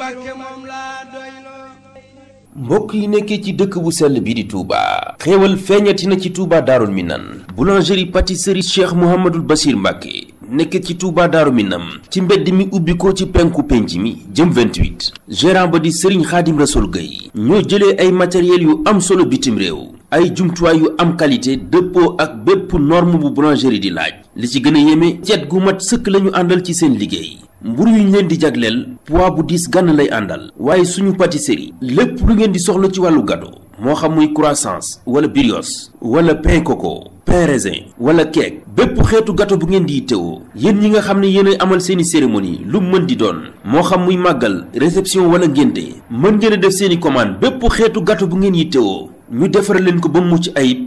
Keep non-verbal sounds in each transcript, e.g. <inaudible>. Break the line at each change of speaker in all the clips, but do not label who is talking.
Mbàkke
mbokk yi nekkee ci dëkk bu sell bi di Touba. xéewal feeñati na ci Touba Darou Minane. boulangerie pâtisserie Cheikh Mouhamadul Bachir Mbacke nekk ci Touba Darou Minane. ci mbedd mi ubbi ko ci penku penc mi jëm 28. gérant ba di Serigne Khadim Rassoul Gueye. ñoo jëlee ay matériel yu am solo bitim réew. ay jumtuwaay yu am qualité dëppoo ak bépp norme bu boulangerie di laaj. li ci gën a yéeme. cet gu mat sëkk lañu àndal ci seen liggéey. mburu yu ñu leen di jagleel poids bu diis gànn lay àndal waaye suñu pâtisserie lépp lu ngeen di soxla ci wàllu gâteau moo xam muy croissants wala brioches wala pain coco pain raisin wala cake bépp xeetu gato bu ngeen di teewoo yéen ñi nga xam ne yéen a amal seeni cérémonie lu mën di doon moo xam muy màggal réception wala ngénte mën ngeen a def seeni commande bépp xeetu gato bu ngeen yi teewoo ñu defar leen ko ba mu mucc ayib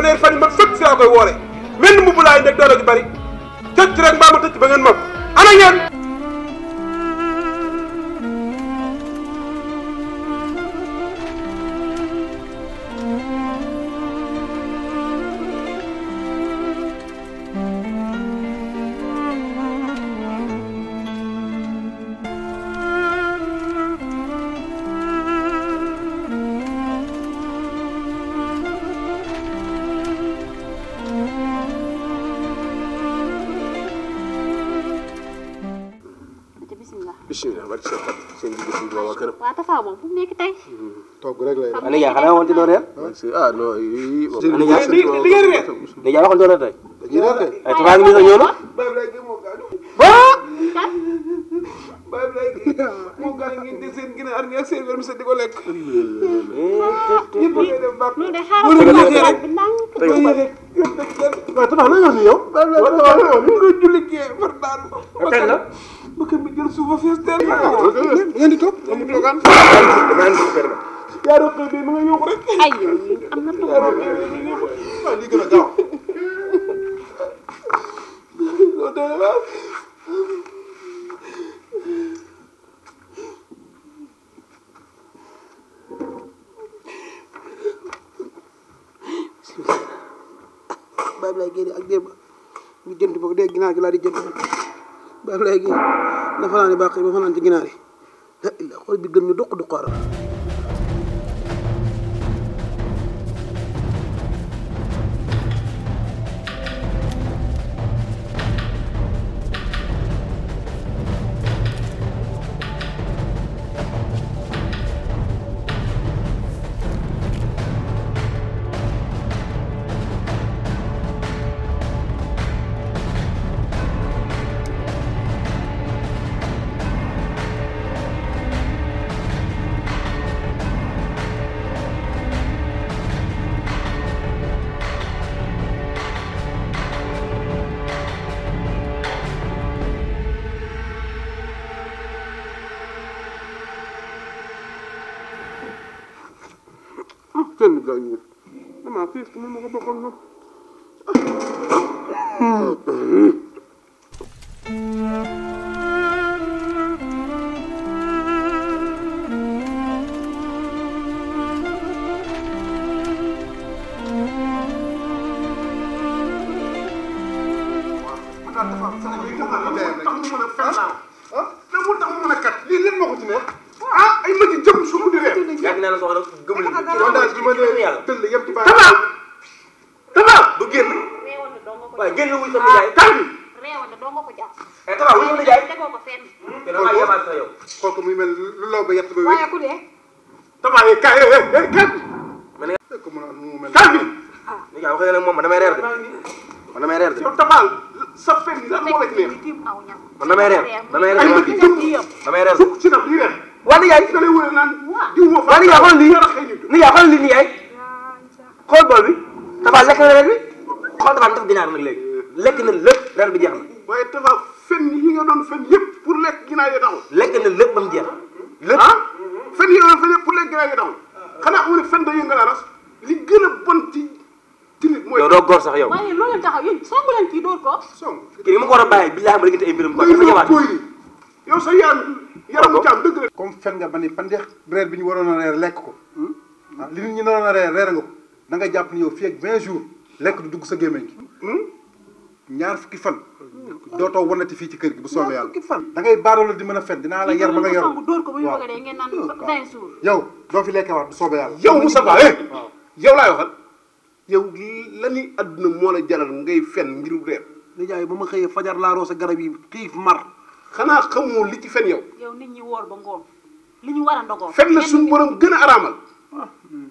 fanweer fan yi man fépp si laa koy wooree wenn mu bu laay nekk doole ju bari tëcc rek mbaa ma tëcc ba ngeen moom ana ngeen bisimilah barke Cheikh Fatou seen digg suñu boobaa këram. waaw Tafa moom fu mu nekk tey. togg rek lay def. Aliou yaa xanaa woon ci doon reer. ah non yii. Aliou yaa li li ngeen reer. Aliou yaa waxoon doon reer tey. dañuy reer tey. ay Tafa ngi nii sax ñëw na. Baye Abdoulaye moo gën a ngi di seen ginaar ñi ak seen wér di ko lekk. ñëpp a dem bàq. ñu de xaaral ko rek. waaw tabax la yoon yow. waaw ñu ngi julli kii far daanu. bakkan la bakkan bi jël suufa fees teel na. Ah, ngeen di toog amu toogaan. yaaroo xëy bi mu nga yóbbu rek. ay am na toog. waaw lii gën a gaaw. <laughs> Baye Ablaye Guèye ak démb mu jënd boog dee ginaar gi laa di jënd Baye Ablaye Guèye dafa naa ne baax ma fanaan ci ginaar yi la xool bi gën ñu doq doqaaral doy ñu damaa fiis ki moom ma ko bokkal na ah ay ma ci jëm su mu di reer. yàgg naa la soxla gëm yàlla. tënk yëpp ci bàyyi tabax tabax du génn. waaye génn wuñ sama nijaay ah, tax bi. ay eh, tabax wuñ sama nijaay. te hmm? damaa yemaat sa yow. kooku muy mel lu law ba yett ba wér. tabax yi eh, kaay eh eh képp. Eh, tax bi. Ah. ni nga wax ne moom man damay reer de. man damay reer de. yow tabax sa fen lan moo la ci neex. man damay reer damay reer damay reer. waaw ni yaay. waaw ni yaay xool lii ni yaay. bool bi Tapha lekk na ren bi xool Tapha dafa lekk na lépp ren bi jeex na. waaye Tapha fen yi nga doon fen yëpp pour lekk ginaar yi taxul. lekk na lépp ba mu jeex. lépp ah yi nga pour lekk ginaar da yëngal aras li gën a bon ci ci yow doo góor sax yow. waaye loolu taxaw yéen songu leen kii door ma ko war a bàyyi bi laa xam ne ay mbiram ko dafa ñëwaat yow sa yaram yaramu fen nga ba ni pandeex reer bi ñu waroon a reer lekk ko hmm? ah, li nit ñi naroon a reer nga ko da jàpp ni yow fii ak 20 jours lekk du dugg sa gémmiñ gi hmm? ñaar fukki fan dootoo wanati fii ci kër gi bu soobee yàlla da ngay baaroola di mën a fen dinaa la yar ba nga yor yow doo fi lekkee waat bu soobee yàlla yow Moussa Ba eh! yow laay waxal yow la àdduna moo la jaral ngay fen ngir reer nijaay ba ma xëyee fajar laa roose garab yi xiif mar xanaa xamoo li ci fen yow yow ñi woor ba ngoon li ñu fen la suñu borom gën a araamal ah, hmm.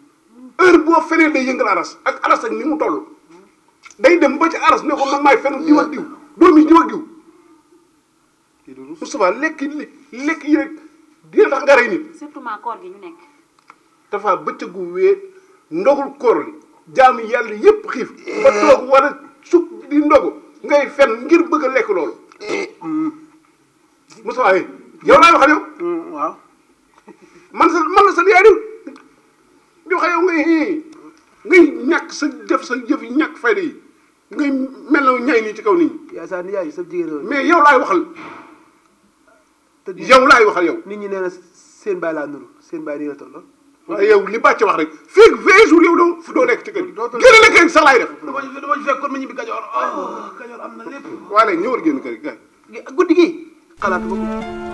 heure boo feneen day ak aras ak mu toll day dem ba ci aras ne ko man maay fen diw ak diw doomi diw ak diw Moustapha lekk lekk yi rek dina rey nit surtout ma bëccëgu wee ndogul koor li jaamu yàlla yépp xiif ba toog war a sukk di ndogu ngay fen ngir bëgg a lekk loolu Moustapha eh, yow laa waxal yow mm, waaw man sa man sa yaay diw yi ngay ñàkk sa def sa jëf yi ñàkk fayda yi ngay melaw ñay nii ci kaw ni ñi. yaa sa yaay sa jigéen mais yow laay waxal. te yow laay waxal yow. nit ñu nee na seen baay laa nuru seen baay nii la toll. waaye yow li bàcc wax rek fii vingt jours yow doo nekk ci kër gi. doo génne la kër gi sax laay def. dama dama fekk kon oh, na lépp. waaye léegi ñëwal génn kër gi guddi gi xalaatu ko.